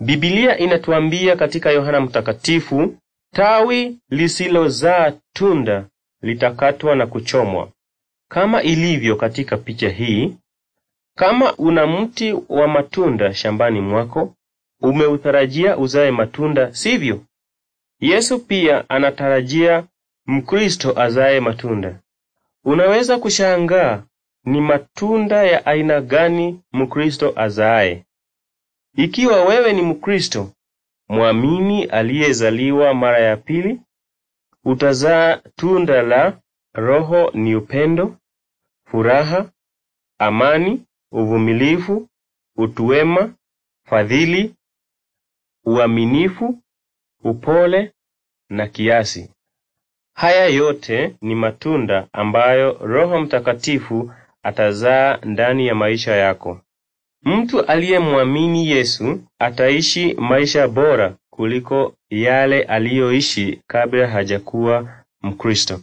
Bibilia inatuambia katika Yohana Mtakatifu, tawi lisilozaa tunda litakatwa na kuchomwa. Kama ilivyo katika picha hii, kama una mti wa matunda shambani mwako, umeutarajia uzae matunda, sivyo? Yesu pia anatarajia Mkristo azae matunda. Unaweza kushangaa ni matunda ya aina gani Mkristo azae. Ikiwa wewe ni Mkristo mwamini aliyezaliwa mara ya pili, utazaa tunda la Roho ni upendo, furaha, amani, uvumilivu, utuwema, fadhili, uaminifu, upole na kiasi. Haya yote ni matunda ambayo Roho Mtakatifu atazaa ndani ya maisha yako. Mtu aliyemwamini Yesu ataishi maisha bora kuliko yale aliyoishi kabla hajakuwa Mkristo.